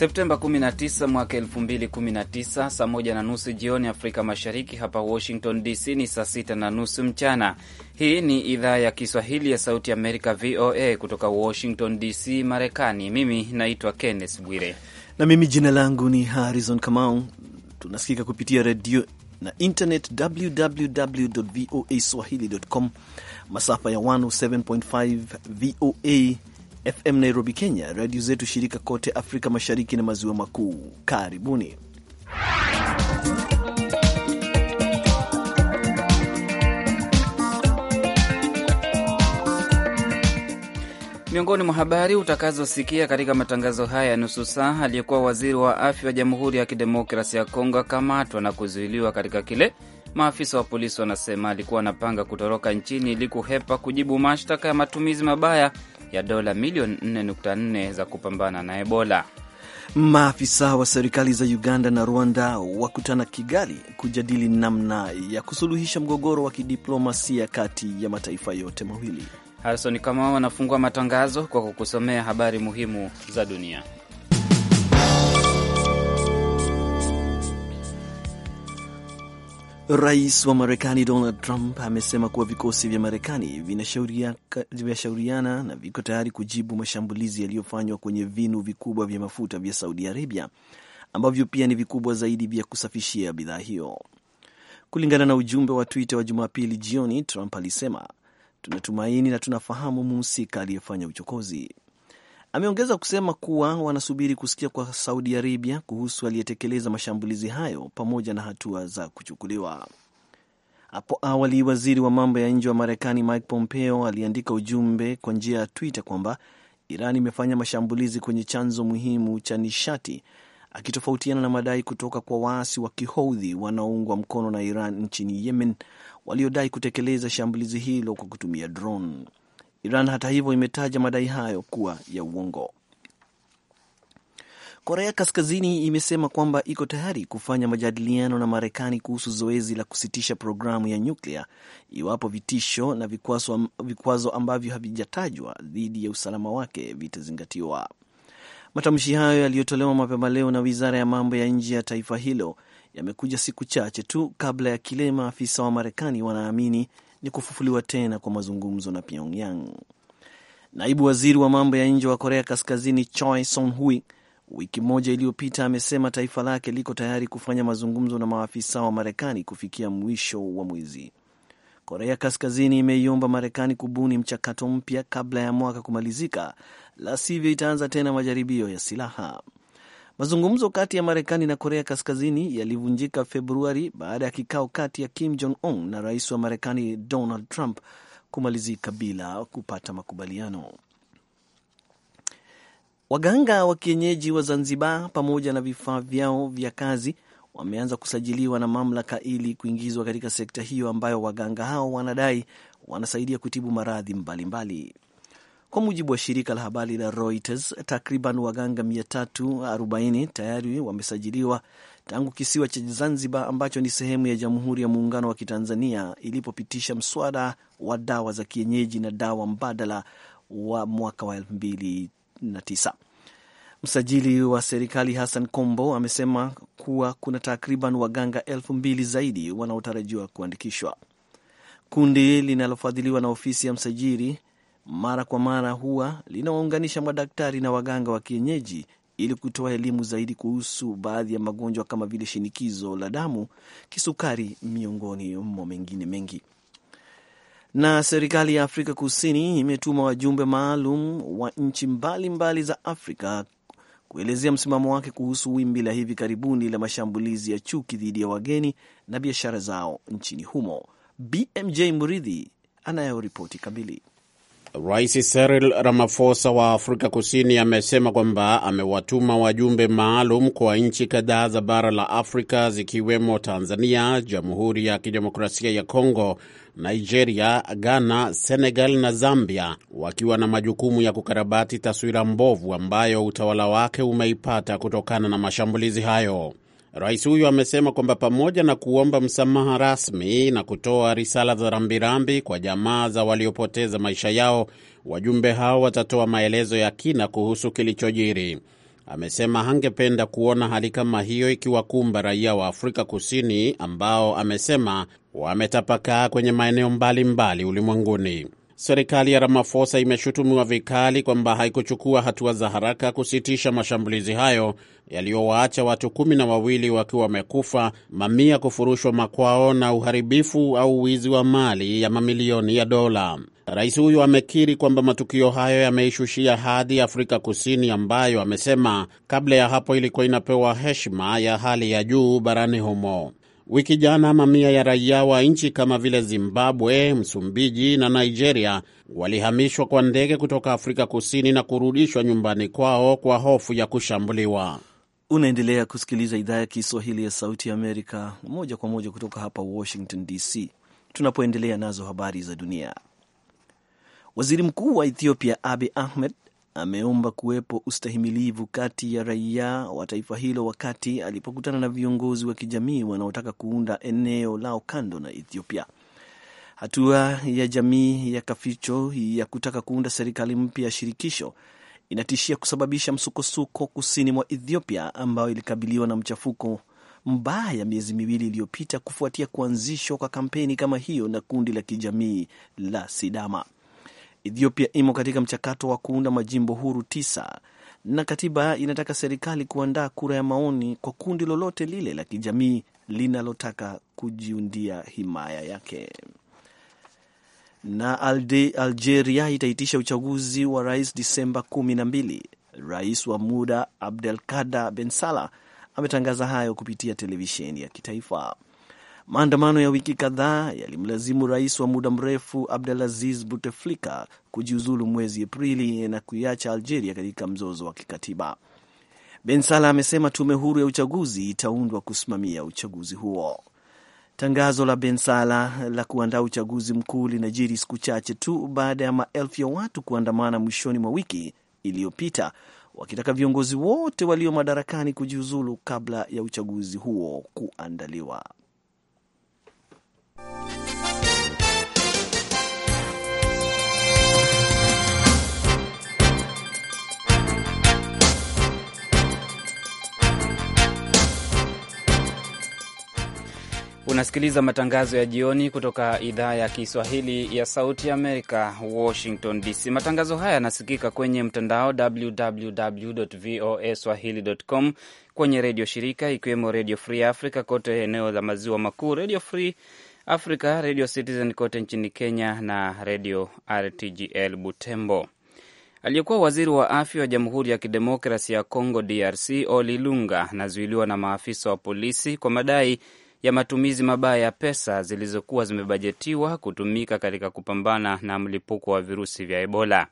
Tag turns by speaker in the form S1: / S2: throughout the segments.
S1: Septemba 19 mwaka 2019, saa moja na nusu jioni Afrika Mashariki. Hapa Washington DC ni saa sita na nusu mchana. Hii ni idhaa ya Kiswahili ya Sauti Amerika, VOA, kutoka Washington DC, Marekani. Mimi naitwa Kenneth Bwire
S2: na mimi jina langu ni Harrison Kamau. Tunasikika kupitia redio na internet www voa swahili.com, masafa ya 107.5 VOA FM Nairobi, Kenya, redio zetu shirika kote Afrika Mashariki na Maziwa Makuu. Karibuni.
S1: Miongoni mwa habari utakazosikia katika matangazo haya ya nusu saa, aliyekuwa waziri wa afya wa Jamhuri ya Kidemokrasia ya Kongo akamatwa na kuzuiliwa katika kile maafisa wa polisi wanasema alikuwa anapanga kutoroka nchini ili kuhepa kujibu mashtaka ya matumizi mabaya ya dola milioni 4.4 za kupambana na Ebola.
S2: Maafisa wa serikali za Uganda na Rwanda wakutana Kigali kujadili namna ya kusuluhisha mgogoro wa kidiplomasia kati ya mataifa
S1: yote mawili. Harison Kamau anafungua matangazo kwa kukusomea habari muhimu za dunia.
S2: Rais wa Marekani Donald Trump amesema kuwa vikosi vya Marekani vinashauriana na viko tayari kujibu mashambulizi yaliyofanywa kwenye vinu vikubwa vya mafuta vya Saudi Arabia ambavyo pia ni vikubwa zaidi vya kusafishia bidhaa hiyo. Kulingana na ujumbe wa Twitter wa Jumapili jioni, Trump alisema tunatumaini na tunafahamu mhusika aliyefanya uchokozi. Ameongeza kusema kuwa wanasubiri kusikia kwa Saudi Arabia kuhusu aliyetekeleza mashambulizi hayo pamoja na hatua za kuchukuliwa. Hapo awali waziri wa mambo ya nje wa Marekani Mike Pompeo aliandika ujumbe kwa njia ya Twitter kwamba Iran imefanya mashambulizi kwenye chanzo muhimu cha nishati, akitofautiana na madai kutoka kwa waasi wa Kihoudhi wanaoungwa mkono na Iran nchini Yemen, waliodai kutekeleza shambulizi hilo kwa kutumia drone. Iran hata hivyo imetaja madai hayo kuwa ya uongo. Korea Kaskazini imesema kwamba iko tayari kufanya majadiliano na Marekani kuhusu zoezi la kusitisha programu ya nyuklia iwapo vitisho na vikwazo, vikwazo ambavyo havijatajwa dhidi ya usalama wake vitazingatiwa. Matamshi hayo yaliyotolewa mapema leo na wizara ya mambo ya nje ya taifa hilo yamekuja siku chache tu kabla ya kile maafisa wa Marekani wanaamini ni kufufuliwa tena kwa mazungumzo na Pyongyang. Naibu waziri wa mambo ya nje wa Korea Kaskazini Choi Son-hui wiki moja iliyopita amesema taifa lake liko tayari kufanya mazungumzo na maafisa wa Marekani kufikia mwisho wa mwezi. Korea Kaskazini imeiomba Marekani kubuni mchakato mpya kabla ya mwaka kumalizika, la sivyo itaanza tena majaribio ya silaha. Mazungumzo kati ya Marekani na Korea Kaskazini yalivunjika Februari baada ya kikao kati ya Kim Jong Un na rais wa Marekani Donald Trump kumalizika bila kupata makubaliano. Waganga wa kienyeji wa Zanzibar pamoja na vifaa vyao vya kazi wameanza kusajiliwa na mamlaka ili kuingizwa katika sekta hiyo ambayo waganga hao wanadai wanasaidia kutibu maradhi mbalimbali. Kwa mujibu wa shirika la habari la Reuters, takriban waganga 340 tayari wamesajiliwa tangu kisiwa cha Zanzibar ambacho ni sehemu ya Jamhuri ya Muungano wa Kitanzania ilipopitisha mswada wa dawa za kienyeji na dawa mbadala wa mwaka wa 2009. Msajili wa serikali Hassan Kombo amesema kuwa kuna takriban waganga elfu mbili zaidi wanaotarajiwa kuandikishwa. Kundi linalofadhiliwa na ofisi ya msajili mara kwa mara huwa linawaunganisha madaktari na waganga wa kienyeji ili kutoa elimu zaidi kuhusu baadhi ya magonjwa kama vile shinikizo la damu, kisukari, miongoni mwa mengine mengi. Na serikali ya Afrika Kusini imetuma wajumbe maalum wa nchi mbalimbali za Afrika kuelezea msimamo wake kuhusu wimbi la hivi karibuni la mashambulizi ya chuki dhidi ya wageni na biashara zao nchini humo. BMJ Muridhi anayo ripoti kamili.
S3: Rais Cyril Ramaphosa wa Afrika Kusini amesema kwamba amewatuma wajumbe maalum kwa nchi kadhaa za bara la Afrika zikiwemo Tanzania, Jamhuri ya Kidemokrasia ya Kongo, Nigeria, Ghana, Senegal na Zambia, wakiwa na majukumu ya kukarabati taswira mbovu ambayo utawala wake umeipata kutokana na mashambulizi hayo. Rais huyo amesema kwamba pamoja na kuomba msamaha rasmi na kutoa risala za rambirambi kwa jamaa za waliopoteza maisha yao, wajumbe hao watatoa maelezo ya kina kuhusu kilichojiri. Amesema hangependa kuona hali kama hiyo ikiwakumba raia wa Afrika Kusini ambao amesema wametapakaa kwenye maeneo mbalimbali ulimwenguni. Serikali ya Ramaphosa imeshutumiwa vikali kwamba haikuchukua hatua za haraka kusitisha mashambulizi hayo yaliyowaacha watu kumi na wawili wakiwa wamekufa, mamia kufurushwa makwao na uharibifu au wizi wa mali ya mamilioni ya dola. Rais huyo amekiri kwamba matukio hayo yameishushia hadhi Afrika Kusini, ambayo amesema kabla ya hapo ilikuwa inapewa heshima ya hali ya juu barani humo. Wiki jana mamia ya raia wa nchi kama vile Zimbabwe, Msumbiji na Nigeria walihamishwa kwa ndege kutoka Afrika Kusini na kurudishwa nyumbani kwao kwa hofu ya kushambuliwa.
S2: Unaendelea kusikiliza idhaa ya Kiswahili ya Sauti ya Amerika moja kwa moja kutoka hapa Washington DC, tunapoendelea nazo habari za dunia. Waziri Mkuu wa Ethiopia Abi Ahmed ameomba kuwepo ustahimilivu kati ya raia wa taifa hilo wakati alipokutana na viongozi wa kijamii wanaotaka kuunda eneo lao kando na Ethiopia. Hatua ya jamii ya Kaficho ya kutaka kuunda serikali mpya ya shirikisho inatishia kusababisha msukosuko kusini mwa Ethiopia ambayo ilikabiliwa na mchafuko mbaya miezi miwili iliyopita kufuatia kuanzishwa kwa kampeni kama hiyo na kundi la kijamii la Sidama. Ethiopia imo katika mchakato wa kuunda majimbo huru tisa na katiba inataka serikali kuandaa kura ya maoni kwa kundi lolote lile la kijamii linalotaka kujiundia himaya yake na Alde, Algeria itaitisha uchaguzi wa rais Disemba kumi na mbili. Rais wa muda Abdelkader Bensalah ametangaza hayo kupitia televisheni ya kitaifa. Maandamano ya wiki kadhaa yalimlazimu rais wa muda mrefu Abdelaziz Bouteflika kujiuzulu mwezi Aprili na kuiacha Algeria katika mzozo wa kikatiba. Bensalah amesema tume huru ya uchaguzi itaundwa kusimamia uchaguzi huo. Tangazo la Bensala la kuandaa uchaguzi mkuu linajiri siku chache tu baada ya maelfu ya watu kuandamana mwishoni mwa wiki iliyopita wakitaka viongozi wote walio madarakani kujiuzulu kabla ya uchaguzi huo kuandaliwa.
S1: Unasikiliza matangazo ya jioni kutoka idhaa ya Kiswahili ya Sauti ya Amerika, Washington DC. Matangazo haya yanasikika kwenye mtandao www voa swahili.com, kwenye redio shirika ikiwemo Redio Free Africa kote eneo la maziwa makuu, Redio Free Africa, Redio Citizen kote nchini Kenya na Redio RTGL Butembo. Aliyekuwa waziri wa afya wa Jamhuri ya Kidemokrasi ya congo DRC, Oli Lunga anazuiliwa na maafisa wa polisi kwa madai ya matumizi mabaya ya pesa zilizokuwa zimebajetiwa kutumika katika kupambana na mlipuko wa virusi vya Ebola.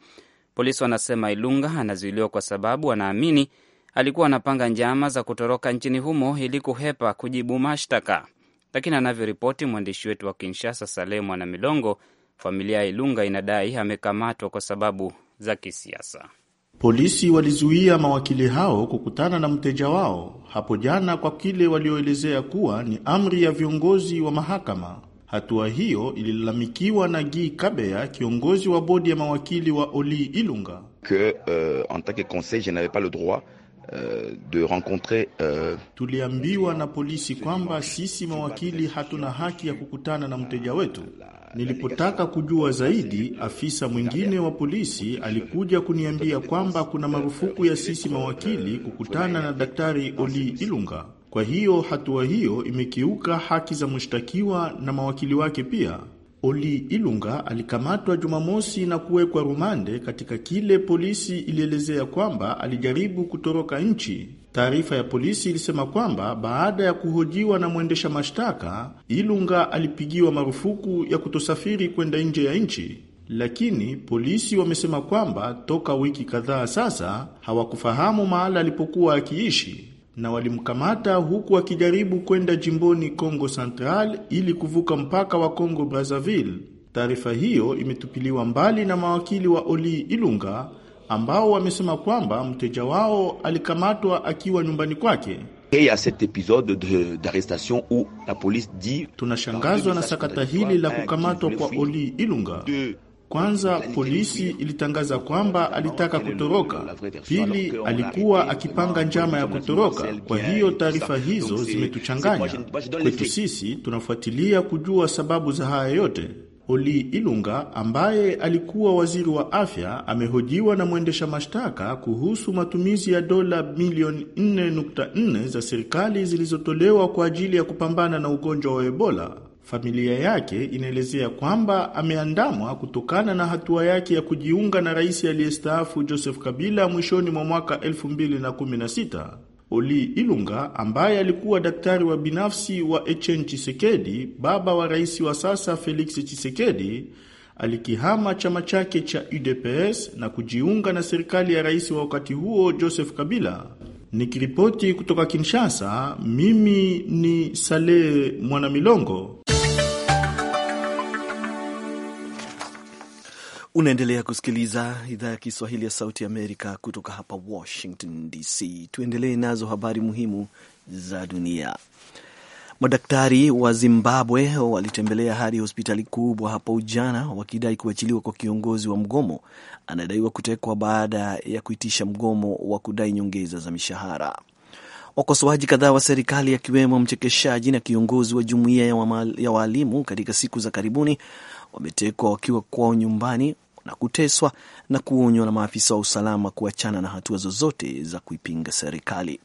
S1: Polisi wanasema Ilunga anazuiliwa kwa sababu anaamini alikuwa anapanga njama za kutoroka nchini humo ili kuhepa kujibu mashtaka, lakini anavyoripoti mwandishi wetu wa Kinshasa, Saleh Mwana Milongo, familia ya Ilunga inadai amekamatwa kwa sababu za kisiasa.
S4: Polisi walizuia mawakili hao kukutana na mteja wao hapo jana kwa kile walioelezea kuwa ni amri ya viongozi wa mahakama. Hatua hiyo ililalamikiwa na Gi Kabea, kiongozi wa bodi ya mawakili wa Oli Ilunga. Que, uh, en tant que conseil, je n'avais pas le droit euh, De uh... tuliambiwa na polisi kwamba sisi mawakili hatuna haki ya kukutana na mteja wetu. Nilipotaka kujua zaidi, afisa mwingine wa polisi alikuja kuniambia kwamba kuna marufuku ya sisi mawakili kukutana na Daktari Oli Ilunga. Kwa hiyo hatua hiyo imekiuka haki za mshtakiwa na mawakili wake pia. Oli Ilunga alikamatwa Jumamosi na kuwekwa rumande katika kile polisi ilielezea kwamba alijaribu kutoroka nchi. Taarifa ya polisi ilisema kwamba baada ya kuhojiwa na mwendesha mashtaka, Ilunga alipigiwa marufuku ya kutosafiri kwenda nje ya nchi, lakini polisi wamesema kwamba toka wiki kadhaa sasa hawakufahamu mahala alipokuwa akiishi na walimkamata huku akijaribu kwenda jimboni congo Central ili kuvuka mpaka wa congo Brazzaville. Taarifa hiyo imetupiliwa mbali na mawakili wa Oli Ilunga ambao wamesema kwamba mteja wao alikamatwa akiwa nyumbani kwake. cet d'arrestation où la police dit, tunashangazwa na sakata hili la kukamatwa kwa Oli Ilunga. Kwanza polisi ilitangaza kwamba alitaka kutoroka, pili alikuwa akipanga njama ya kutoroka. Kwa hiyo taarifa hizo zimetuchanganya kwetu sisi, tunafuatilia kujua sababu za haya yote. Oli Ilunga ambaye alikuwa waziri wa afya amehojiwa na mwendesha mashtaka kuhusu matumizi ya dola milioni 4.4 za serikali zilizotolewa kwa ajili ya kupambana na ugonjwa wa Ebola. Familia yake inaelezea kwamba ameandamwa kutokana na hatua yake ya kujiunga na rais aliyestaafu Joseph Kabila mwishoni mwa mwaka 2016. Oli Ilunga ambaye alikuwa daktari wa binafsi wa Etienne Chisekedi, baba wa rais wa sasa Felix Chisekedi, alikihama chama chake cha UDPS na kujiunga na serikali ya rais wa wakati huo Joseph Kabila. Nikiripoti kutoka Kinshasa, mimi ni Saleh Mwanamilongo.
S2: Unaendelea kusikiliza idhaa ya Kiswahili ya Sauti Amerika kutoka hapa Washington DC. Tuendelee nazo habari muhimu za dunia. Madaktari wa Zimbabwe walitembelea hadi hospitali kubwa hapo jana wakidai kuachiliwa kwa kiongozi wa mgomo anadaiwa kutekwa baada ya kuitisha mgomo wa kudai nyongeza za mishahara. Wakosoaji kadhaa wa serikali akiwemo mchekeshaji na kiongozi wa jumuiya ya waalimu katika siku za karibuni wametekwa wakiwa kwao nyumbani na kuteswa na kuonywa na maafisa wa usalama kuachana na hatua zozote za kuipinga serikali.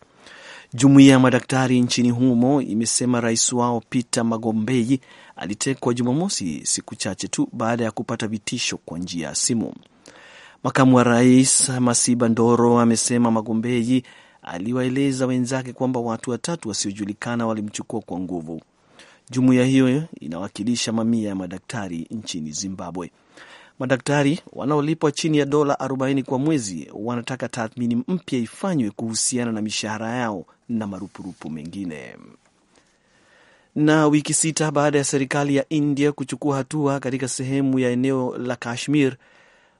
S2: Jumuiya ya madaktari nchini humo imesema rais wao Peter Magombei alitekwa Jumamosi, siku chache tu baada ya kupata vitisho kwa njia ya simu. Makamu wa rais Masiba Ndoro amesema Magombei aliwaeleza wenzake kwamba watu watatu wasiojulikana walimchukua kwa nguvu. Jumuiya hiyo inawakilisha mamia ya madaktari nchini Zimbabwe. Madaktari wanaolipwa chini ya dola 40 kwa mwezi wanataka tathmini mpya ifanywe kuhusiana na mishahara yao na marupurupu mengine. Na wiki sita baada ya serikali ya India kuchukua hatua katika sehemu ya eneo la Kashmir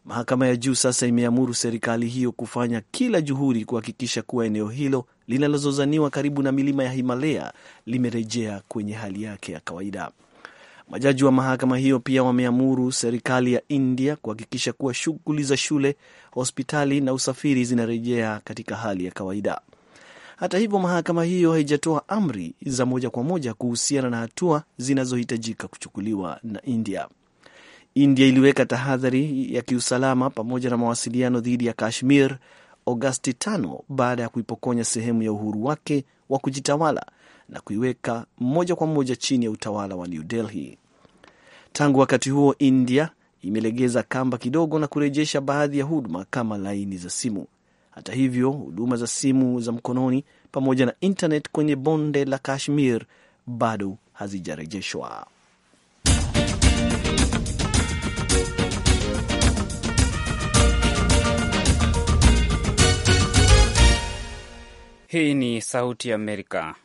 S2: Mahakama ya juu sasa imeamuru serikali hiyo kufanya kila juhudi kuhakikisha kuwa eneo hilo linalozozaniwa karibu na milima ya Himalaya limerejea kwenye hali yake ya kawaida. Majaji wa mahakama hiyo pia wameamuru serikali ya India kuhakikisha kuwa shughuli za shule, hospitali na usafiri zinarejea katika hali ya kawaida. Hata hivyo, mahakama hiyo haijatoa amri za moja kwa moja kuhusiana na hatua zinazohitajika kuchukuliwa na India. India iliweka tahadhari ya kiusalama pamoja na mawasiliano dhidi ya Kashmir Agosti a baada ya kuipokonya sehemu ya uhuru wake wa kujitawala na kuiweka moja kwa moja chini ya utawala wa New Delhi. Tangu wakati huo, India imelegeza kamba kidogo na kurejesha baadhi ya huduma kama laini za simu. Hata hivyo, huduma za simu za mkononi pamoja na internet kwenye bonde la Kashmir bado hazijarejeshwa.
S1: Hii ni Sauti ya Amerika.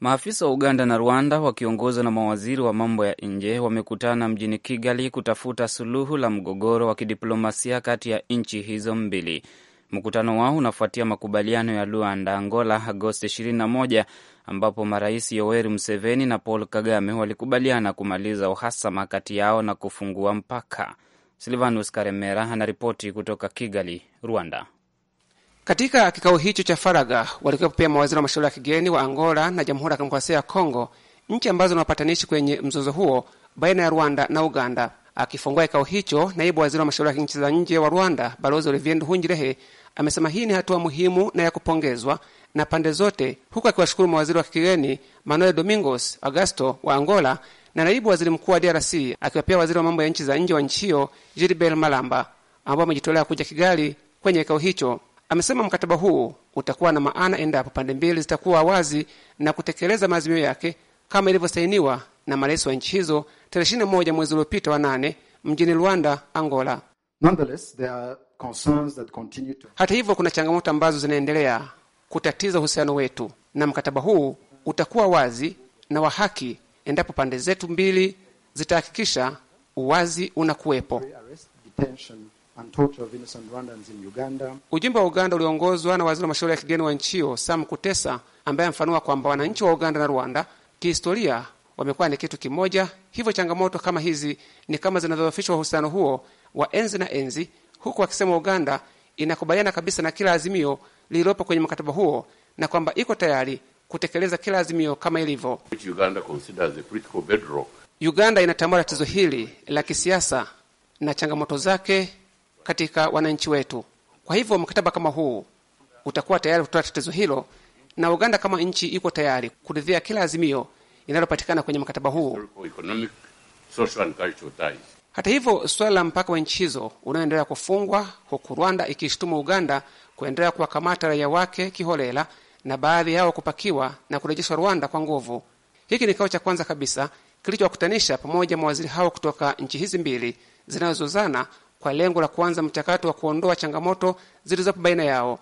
S1: Maafisa wa Uganda na Rwanda wakiongozwa na mawaziri wa mambo ya nje wamekutana mjini Kigali kutafuta suluhu la mgogoro wa kidiplomasia kati ya nchi hizo mbili. Mkutano wao unafuatia makubaliano ya Luanda, Angola, Agosti 21 ambapo marais Yoweri Museveni na Paul Kagame walikubaliana kumaliza uhasama kati yao na kufungua mpaka. Silvanus
S5: Karemera anaripoti kutoka Kigali, Rwanda. Katika kikao hicho cha faragha walikuwepo pia mawaziri wa mashauri ya kigeni wa Angola na Jamhuri ya Kidemokrasia ya Kongo, nchi ambazo ni wapatanishi kwenye mzozo huo baina ya Rwanda na Uganda. Akifungua kikao hicho, naibu waziri wa mashauri ya nchi za nje wa Rwanda Balozi Olivier Nduhungirehe amesema hii ni hatua muhimu na ya kupongezwa na pande zote, huku akiwashukuru mawaziri wa kigeni Manuel Domingos agasto wa Angola na naibu waziri mkuu wa DRC akiwa pia waziri wa mambo ya nchi za nje wa nchi hiyo Gilbert Malamba ambao amejitolea kuja Kigali kwenye kikao hicho. Amesema mkataba huu utakuwa na maana endapo pande mbili zitakuwa wazi na kutekeleza maazimio yake kama ilivyosainiwa na marais wa nchi hizo tarehe 21 mwezi uliopita wa nane mjini Luanda, Angola. Hata hivyo, kuna changamoto ambazo zinaendelea kutatiza uhusiano wetu, na mkataba huu utakuwa wazi na wa haki endapo pande zetu mbili zitahakikisha uwazi unakuwepo
S2: and of innocent Rwandans in Uganda.
S5: Ujumbe wa Uganda uliongozwa na waziri wa mashauri ya kigeni wa nchi hiyo Sam Kutesa, ambaye amefanua kwamba wananchi wa Uganda na Rwanda kihistoria wamekuwa ni kitu kimoja, hivyo changamoto kama hizi ni kama zinadhoofishwa uhusiano huo wa enzi na enzi, huku akisema Uganda inakubaliana kabisa na kila azimio lililopo kwenye mkataba huo na kwamba iko tayari kutekeleza kila azimio kama ilivyo. Uganda, Uganda inatambua tatizo hili la kisiasa na changamoto zake katika wananchi wetu. Kwa hivyo mkataba kama huu utakuwa tayari kutoa tatizo hilo, na Uganda kama nchi iko tayari kuridhia kila azimio linalopatikana kwenye mkataba huu. Hata hivyo, suala la mpaka wa nchi hizo unaoendelea kufungwa, huku Rwanda ikishutumu Uganda kuendelea kuwakamata raia wake kiholela na baadhi yao kupakiwa na kurejeshwa Rwanda kwa nguvu. Hiki ni kikao cha kwanza kabisa kilichowakutanisha pamoja mawaziri hao kutoka nchi hizi mbili zinazozozana kwa lengo la kuanza mchakato wa kuondoa changamoto zilizopo baina yao.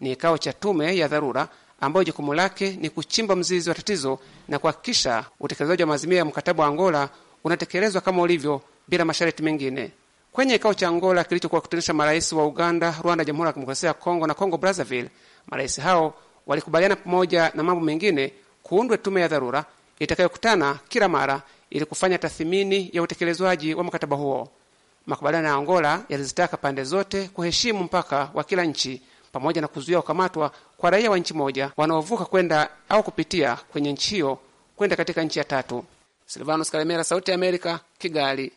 S5: Ni kikao cha tume ya dharura ambayo jukumu lake ni kuchimba mzizi wa tatizo na kuhakikisha utekelezaji wa maazimio ya mkataba wa Angola unatekelezwa kama ulivyo bila masharti mengine. Kwenye kikao cha Angola kilichokuwa kutanisha marais wa Uganda, Rwanda, Jamhuri ya Kidemokrasia ya Kongo na Kongo Brazzaville, marais hao walikubaliana pamoja na mambo mengine kuundwe tume ya dharura itakayokutana kila mara ili kufanya tathmini ya utekelezwaji wa mkataba huo. Makubaliano ya Angola yalizitaka pande zote kuheshimu mpaka wa kila nchi pamoja na kuzuia kukamatwa kwa raia wa nchi moja wanaovuka kwenda au kupitia kwenye nchi hiyo kwenda katika nchi ya tatu. Silvanus Kalemera, Sauti ya Amerika, Kigali.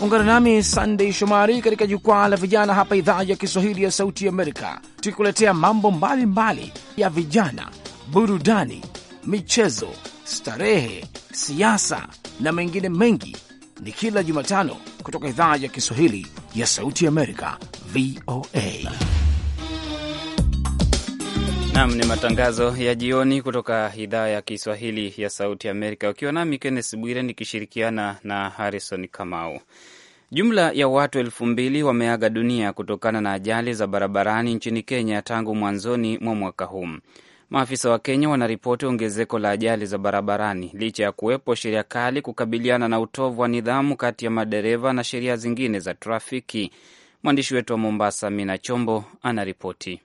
S5: Ungana
S6: nami Sandey Shomari katika jukwaa la vijana hapa idhaa ya Kiswahili ya Sauti ya Amerika, tukikuletea mambo mbalimbali mbali ya vijana, burudani michezo, starehe, siasa na mengine mengi, ni kila Jumatano kutoka idhaa ya Kiswahili ya Sauti Amerika, VOA.
S1: Nam ni matangazo ya jioni kutoka idhaa ya Kiswahili ya Sauti Amerika, ukiwa nami Kennes Bwire nikishirikiana na Harrison Kamau. Jumla ya watu elfu mbili wameaga dunia kutokana na ajali za barabarani nchini Kenya tangu mwanzoni mwa mwaka huu. Maafisa wa Kenya wanaripoti ongezeko la ajali za barabarani licha ya kuwepo sheria kali kukabiliana na utovu wa nidhamu kati ya madereva na sheria zingine za trafiki. Mwandishi wetu wa Mombasa, Mina Chombo, anaripoti.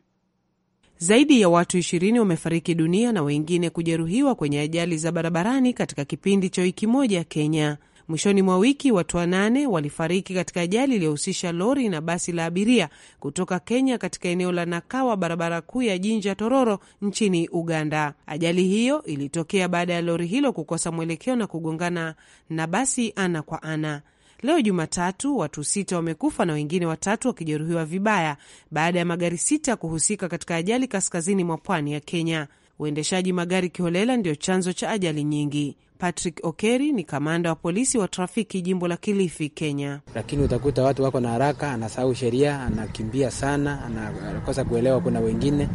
S7: Zaidi ya watu ishirini wamefariki dunia na wengine kujeruhiwa kwenye ajali za barabarani katika kipindi cha wiki moja Kenya. Mwishoni mwa wiki watu wanane walifariki katika ajali iliyohusisha lori na basi la abiria kutoka Kenya katika eneo la Nakawa, barabara kuu ya Jinja Tororo nchini Uganda. Ajali hiyo ilitokea baada ya lori hilo kukosa mwelekeo na kugongana na basi ana kwa ana. Leo Jumatatu, watu sita wamekufa na wengine watatu wakijeruhiwa vibaya baada ya magari sita kuhusika katika ajali kaskazini mwa pwani ya Kenya uendeshaji magari kiholela ndio chanzo cha ajali nyingi. Patrick Okeri ni kamanda wa polisi wa trafiki jimbo la Kilifi, Kenya. Lakini
S6: utakuta watu wako na haraka, anasahau sheria, anakimbia sana, anakosa kuelewa kuna wengine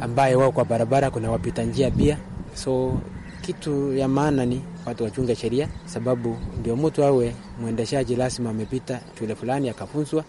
S6: ambaye wao kwa barabara, kuna wapita njia pia. So kitu
S7: ya maana ni watu wachunge sheria, sababu ndio mtu awe mwendeshaji lazima amepita shule fulani akafunzwa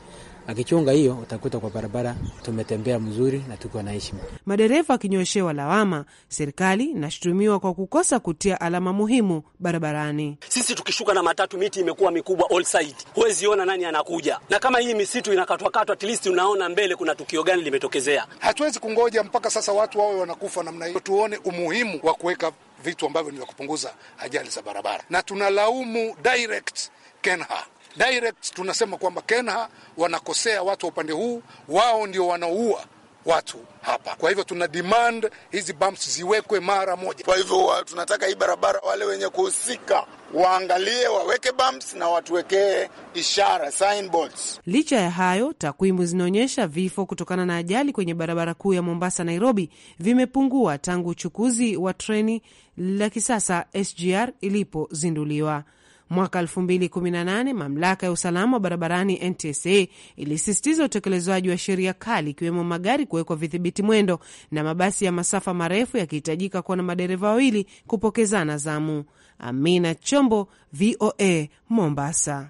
S7: Akichunga hiyo utakuta kwa barabara tumetembea mzuri na tuko na heshima. Madereva akinyoeshewa lawama, serikali inashutumiwa kwa kukosa kutia alama muhimu barabarani.
S8: Sisi tukishuka na matatu, miti imekuwa mikubwa all side, huwezi ona nani anakuja, na kama hii misitu inakatwakatwa, at least unaona mbele kuna tukio gani limetokezea. Hatuwezi kungoja mpaka sasa watu wawe wanakufa namna hiyo, tuone umuhimu wa kuweka vitu ambavyo ni vya kupunguza ajali za barabara, na tunalaumu direct KENHA direct tunasema kwamba KENHA wanakosea watu wa upande huu, wao ndio wanaua watu hapa. Kwa hivyo tuna demand hizi bumps ziwekwe mara moja. Kwa hivyo uh, tunataka hii barabara, wale wenye kuhusika waangalie, waweke bumps na watuwekee ishara
S7: signboards. Licha ya hayo, takwimu zinaonyesha vifo kutokana na ajali kwenye barabara kuu ya Mombasa Nairobi vimepungua tangu uchukuzi wa treni la kisasa SGR ilipozinduliwa. Mwaka 2018 mamlaka ya usalama wa barabarani NTSA ilisisitiza utekelezwaji wa sheria kali, ikiwemo magari kuwekwa vidhibiti mwendo na mabasi ya masafa marefu yakihitajika kuwa na madereva wawili kupokezana zamu. Amina Chombo, VOA, Mombasa.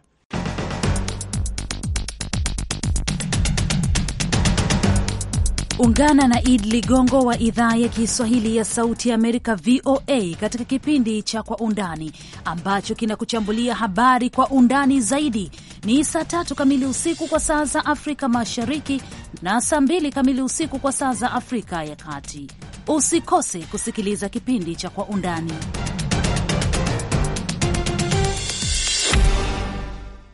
S1: Ungana na Id Ligongo wa idhaa ya Kiswahili ya Sauti ya Amerika, VOA, katika kipindi cha Kwa Undani ambacho kinakuchambulia habari kwa undani zaidi. Ni saa tatu kamili usiku kwa saa za Afrika Mashariki na saa mbili kamili usiku kwa saa za Afrika ya Kati. Usikose kusikiliza kipindi cha Kwa Undani.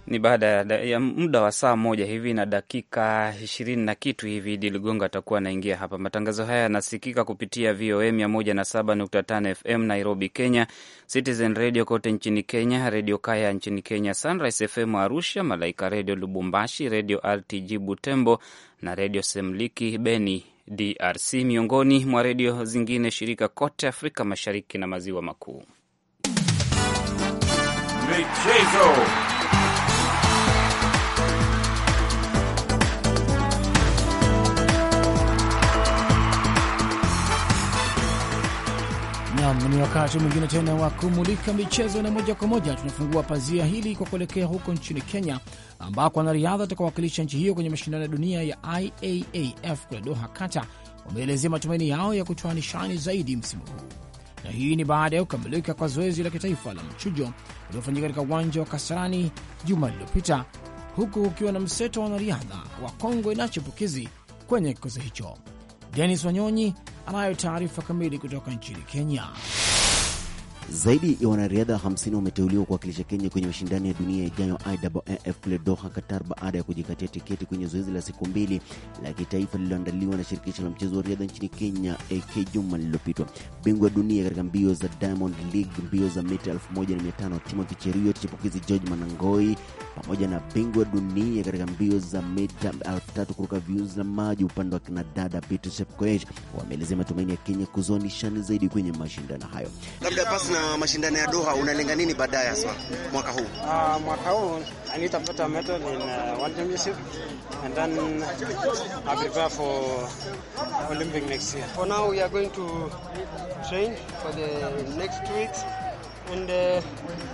S1: Ni baada ya muda wa saa moja hivi na dakika ishirini na kitu hivi, Idi Ligongo atakuwa anaingia hapa. Matangazo haya yanasikika kupitia VOA tano FM Nairobi, Kenya, Citizen Radio kote nchini Kenya, Redio Kaya nchini Kenya, Sunrise FM Arusha, Malaika Redio Lubumbashi, Redio RTG Butembo na Redio Semliki Beni, DRC, miongoni mwa redio zingine shirika kote Afrika Mashariki na Maziwa Makuu.
S9: Michezo
S6: Nam, ni wakati mwingine tena wa kumulika michezo, na moja kwa moja tunafungua pazia hili kwa kuelekea huko nchini Kenya, ambako wanariadha watakaowakilisha nchi hiyo kwenye mashindano ya dunia ya IAAF kule Doha, Kata, wameelezea matumaini yao ya kutoa nishani zaidi msimu huu, na hii ni baada ya kukamilika kwa zoezi la kitaifa la mchujo uliofanyika katika uwanja wa Kasarani juma lililopita, huku ukiwa na mseto wa wanariadha wa kongwe na chipukizi kwenye kikosi hicho. Denis Wanyonyi anayo taarifa kamili kutoka nchini Kenya.
S9: Zaidi ya wanariadha 50 wameteuliwa kuwakilisha Kenya kwenye mashindano ya dunia ijayo IAAF kule Doha, Qatar, baada ya kujikatia tiketi kwenye zoezi la siku mbili la kitaifa lililoandaliwa na shirikisho la mchezo wa riadha nchini Kenya AK juma lililopitwa. Bingwa dunia katika mbio za Diamond League, mbio za mita 1500 Timothy Cheruiyot chipukizi George Manangoi pamoja na bingwa dunia katika mbio za mita 3000 kuruka viunzi na maji upande wa kinadada Peter Chepkoech wameelezea matumaini ya Kenya kuzoa nishani zaidi kwenye mashindano hayo na mashindano ya Doha, unalenga nini baadaye hasa mwaka huu?
S1: Uh, mwaka huu I need to put a medal in uh, World Championship and then I prepare for
S5: Olympic next year. For now we are going to train for the next two weeks
S3: and uh,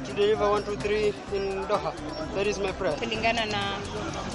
S3: to deliver 1 2 3 in Doha. That is my prayer. Kulingana
S9: na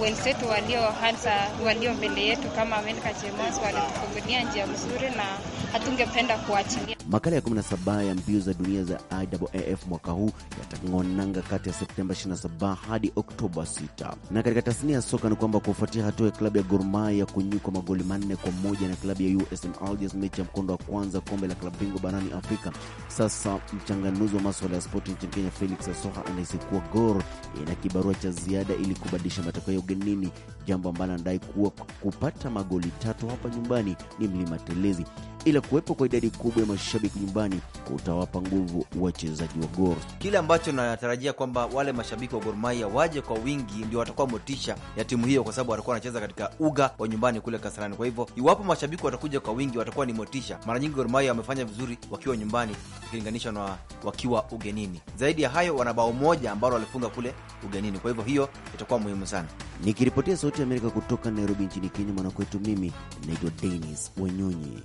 S9: wenzetu walio hasa walio mbele yetu kama Amerika Chemos walitufungulia njia mzuri na hatungependa kuachilia. Makala ya 17 ya mbio za dunia za IAAF mwaka huu yatang'onanga kati ya Septemba 27 hadi Oktoba 6. Na katika tasnia ya soka ni kwamba kufuatia hatua ya klabu ya Gor Mahia ya kunyikwa magoli manne kwa moja na klabu ya USM Alger mechi ya mkondo wa kwanza kombe la klabu bingwa barani Afrika, sasa mchanganuzi wa maswala ya spoti nchini Kenya Felix Asoha anahisi kuwa Gor ina kibarua cha ziada ili kubadilisha matokeo ya ugenini, jambo ambalo anadai kuwa kupata magoli tatu hapa nyumbani ni mlima telezi ila kuwepo kwa idadi kubwa ya mashabiki nyumbani kutawapa nguvu wachezaji wa Gor. Kile ambacho natarajia kwamba wale mashabiki wa Gor Mahia waje kwa wingi, ndio watakuwa motisha ya timu hiyo, kwa sababu watakuwa wanacheza katika uga wa nyumbani kule Kasarani. Kwa hivyo iwapo mashabiki watakuja kwa wingi, watakuwa ni motisha. Mara nyingi Gor Mahia wamefanya vizuri wakiwa nyumbani ukilinganisha na wakiwa ugenini. Zaidi ya hayo, wana bao moja ambalo walifunga kule ugenini, kwa hivyo hiyo itakuwa muhimu sana. Nikiripotia Sauti ya Amerika kutoka Nairobi nchini Kenya, mwanakwetu, mimi naitwa Denis Wanyonyi.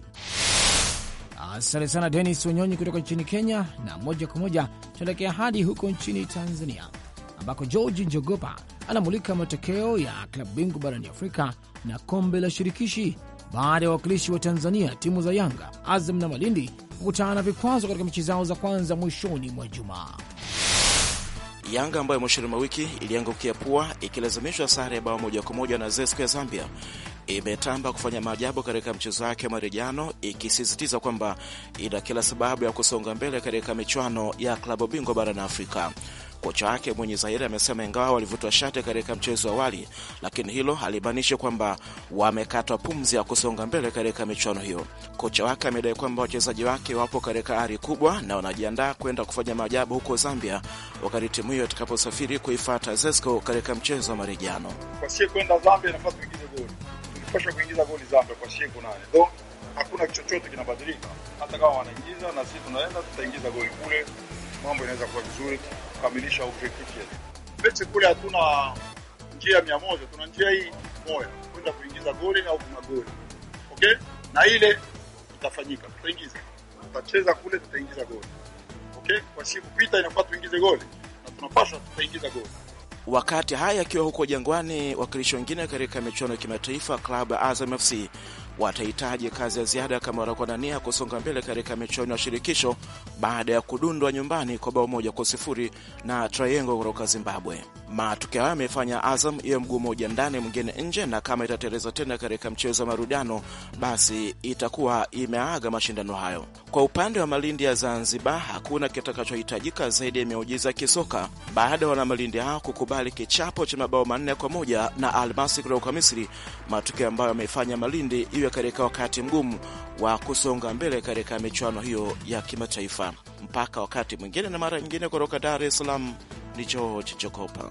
S6: Asante sana Denis Wanyonyi kutoka nchini Kenya. Na moja kwa moja tunaelekea hadi huko nchini Tanzania, ambako George Njogopa anamulika matokeo ya klabu bingwa barani Afrika na kombe la shirikishi baada ya wawakilishi wa Tanzania, timu za Yanga, Azam na Malindi kukutana na vikwazo katika mechi zao za kwanza mwishoni mwa jumaa.
S10: Yanga ambayo mwishoni mwa wiki iliangukia pua ikilazimishwa sare ya bao moja kwa moja na Zesco ya Zambia imetamba kufanya maajabu katika mchezo wake wa marejano, ikisisitiza kwamba ina kila sababu ya kusonga mbele katika michuano ya klabu bingwa barani Afrika. Kocha wake mwenye Zaire amesema ingawa walivutwa shati katika mchezo wa awali, lakini hilo halimaanisha kwamba wamekatwa pumzi ya kusonga mbele katika michuano hiyo. Kocha wake amedai kwamba wachezaji wake wapo katika ari kubwa na wanajiandaa kwenda kufanya maajabu huko Zambia, wakati timu hiyo itakaposafiri kuifata ZESCO katika mchezo wa marejano
S8: kutosha kuingiza goli Zambia kwa siku nane do hakuna chochote kinabadilika. Hata kama wanaingiza na sisi tunaenda tutaingiza goli kule, mambo inaweza kuwa vizuri kukamilisha objective yetu. Mechi kule hatuna njia mia moja, tuna njia hii moja kwenda kuingiza goli au goli okay, na ile itafanyika, tutaingiza, tutacheza kule, tutaingiza goli okay. Kwa siku pita inafaa tuingize goli na tunapaswa tutaingiza goli.
S10: Wakati haya akiwa huko Jangwani, wakilishi wengine katika michuano ya kimataifa klabu ya Azam FC watahitaji kazi ya ziada kama wanakuwa kusonga mbele katika michuano ya shirikisho baada ya kudundwa nyumbani kwa bao moja kwa sifuri na Triangle kutoka Zimbabwe. Matokeo hayo amefanya Azam iwe mguu mmoja ndani mwingine nje, na kama itatereza tena katika mchezo wa marudiano, basi itakuwa imeaga mashindano hayo. Kwa upande wa Malindi ya Zanzibar, hakuna kitakachohitajika zaidi ya miujiza kisoka baada ya wanamalindi hao kukubali kichapo cha mabao manne kwa moja na Almasi kutoka Misri, matokeo ambayo amefanya Malindi iwe katika wakati mgumu wa kusonga mbele katika michuano hiyo ya kimataifa. Mpaka wakati mwingine na mara nyingine, kutoka Dar es Salaam ni George Jogopa.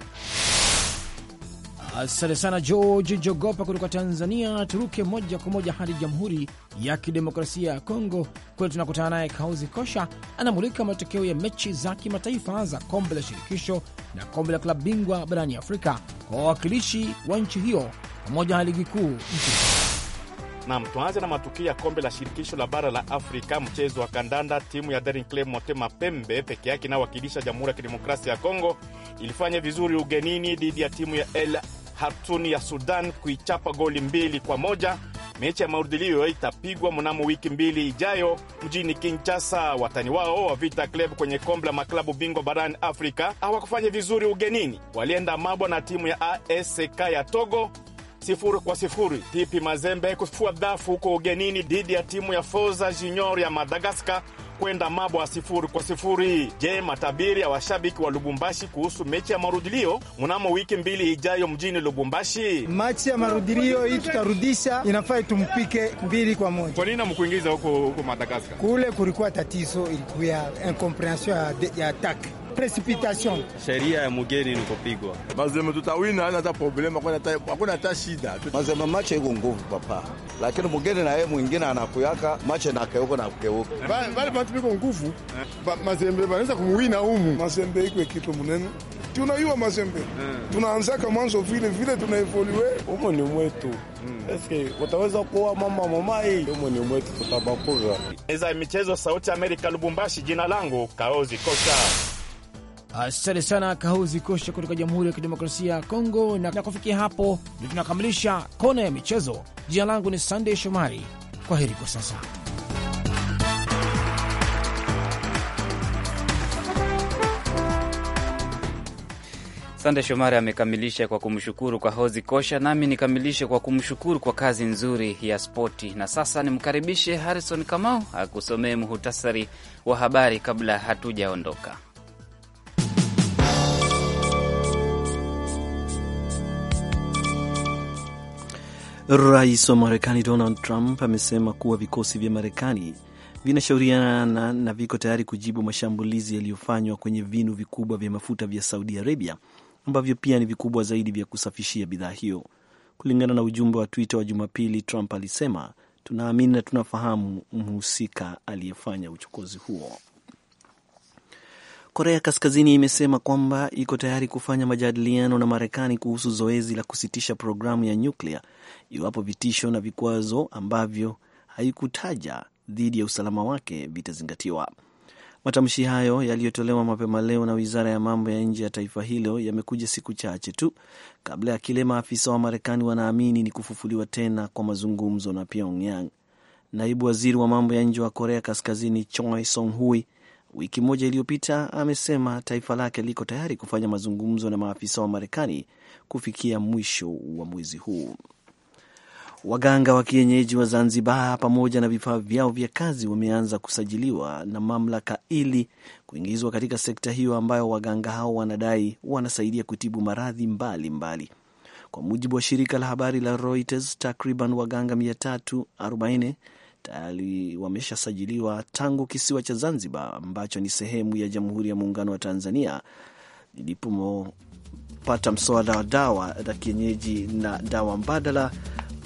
S6: Asante sana George Jogopa kutoka Tanzania. Turuke moja kwa moja hadi Jamhuri ya Kidemokrasia ya Kongo, kule tunakutana naye Kauzi Kosha, anamulika matokeo ya mechi za kimataifa za kombe la shirikisho na kombe la klabu bingwa barani Afrika kwa wawakilishi wa nchi hiyo pamoja na ligi kuu nchi
S8: Nam, tuanze na matukio ya kombe la shirikisho la bara la Afrika, mchezo wa kandanda. Timu ya Daring Club Motema Pembe peke yake inayowakilisha Jamhuri ya Kidemokrasia ya Kongo ilifanya vizuri ugenini dhidi ya timu ya El hartun ya Sudan kuichapa goli mbili kwa moja. Mechi ya marudio itapigwa mnamo wiki mbili ijayo mjini Kinshasa. Watani wao wa Vita Club kwenye kombe la maklabu bingwa barani Afrika hawakufanya vizuri ugenini, walienda mabwa na timu ya ASK ya Togo sifuri kwa sifuri. TP Mazembe kufua dhafu huko ugenini dhidi ya timu ya Forza Junior ya Madagaskar kwenda mabwa sifuri kwa sifuri. Je, matabiri ya washabiki wa Lubumbashi kuhusu mechi ya marudilio mnamo wiki mbili ijayo mjini Lubumbashi? Machi ya marudilio hii tutarudisha, inafaa tumpike mbili kwa moja. Kwa nini namkuingiza huko huko Madagaskar? Kule kulikuwa tatizo, ilikuwa incomprehension ya attack precipitation. Sheria ya mugeni ni kupigwa. Mazema tutawina, hakuna shida. Mazema iko nguvu papa, lakini mugeni na yeye mwingine anakuyaka mache na keuko na keuko
S10: vale nguvu mazembe vanaweza kumuwina humu. Mazembe iko kitu munene mazembe tunaanzaka mwanzo vile vile tunaevolue. humo ni mwetu mm. Eske utaweza kuwa mama mama hii
S8: humo ni mwetu tutabakuza. Eza michezo Sauti Amerika Lubumbashi, jina langu Kaozi Kosha.
S6: Asante sana Kahuzi Kosha kutoka Jamhuri ya Kidemokrasia ya Kongo. Na kufikia hapo ndio tunakamilisha kona ya michezo. Jina langu ni Sandey Shomari, kwa heri kwa sasa.
S1: Sande Shomari amekamilisha kwa kumshukuru kwa hozi Kosha, nami nikamilishe kwa kumshukuru kwa kazi nzuri ya spoti. Na sasa nimkaribishe Harrison Kamau akusomee muhutasari wa habari kabla hatujaondoka.
S2: Rais wa Marekani Donald Trump amesema kuwa vikosi vya Marekani vinashauriana na viko tayari kujibu mashambulizi yaliyofanywa kwenye vinu vikubwa vya mafuta vya Saudi Arabia ambavyo pia ni vikubwa zaidi vya kusafishia bidhaa hiyo. Kulingana na ujumbe wa Twitter wa Jumapili, Trump alisema tunaamini na tunafahamu mhusika aliyefanya uchokozi huo. Korea Kaskazini imesema kwamba iko tayari kufanya majadiliano na Marekani kuhusu zoezi la kusitisha programu ya nyuklia iwapo vitisho na vikwazo ambavyo haikutaja dhidi ya usalama wake vitazingatiwa. Matamshi hayo yaliyotolewa mapema leo na wizara ya mambo ya nje ya taifa hilo yamekuja siku chache tu kabla ya kile maafisa wa Marekani wanaamini ni kufufuliwa tena kwa mazungumzo na Pyongyang. Naibu waziri wa mambo ya nje wa Korea Kaskazini Choi Song Hui wiki moja iliyopita amesema taifa lake liko tayari kufanya mazungumzo na maafisa wa Marekani kufikia mwisho wa mwezi huu. Waganga wa kienyeji wa Zanzibar pamoja na vifaa vyao vya kazi wameanza kusajiliwa na mamlaka ili kuingizwa katika sekta hiyo ambayo waganga hao wanadai wanasaidia kutibu maradhi mbalimbali. Kwa mujibu wa shirika la habari la Reuters, takriban waganga tayari wameshasajiliwa tangu kisiwa cha Zanzibar ambacho ni sehemu ya Jamhuri ya Muungano wa Tanzania ilipopata mswada wa dawa za kienyeji na dawa mbadala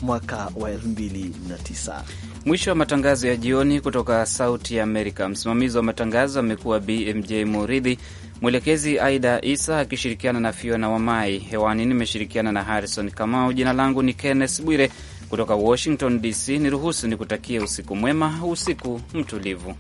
S2: mwaka wa 2009.
S1: Mwisho wa matangazo ya jioni kutoka Sauti ya Amerika. Msimamizi wa matangazo amekuwa BMJ Muridhi, mwelekezi Aida Isa akishirikiana na Fiona Wamai. Hewani nimeshirikiana na Harrison Kamau. Jina langu ni Kenneth Bwire. Kutoka Washington DC, niruhusu nikutakie usiku mwema, usiku mtulivu.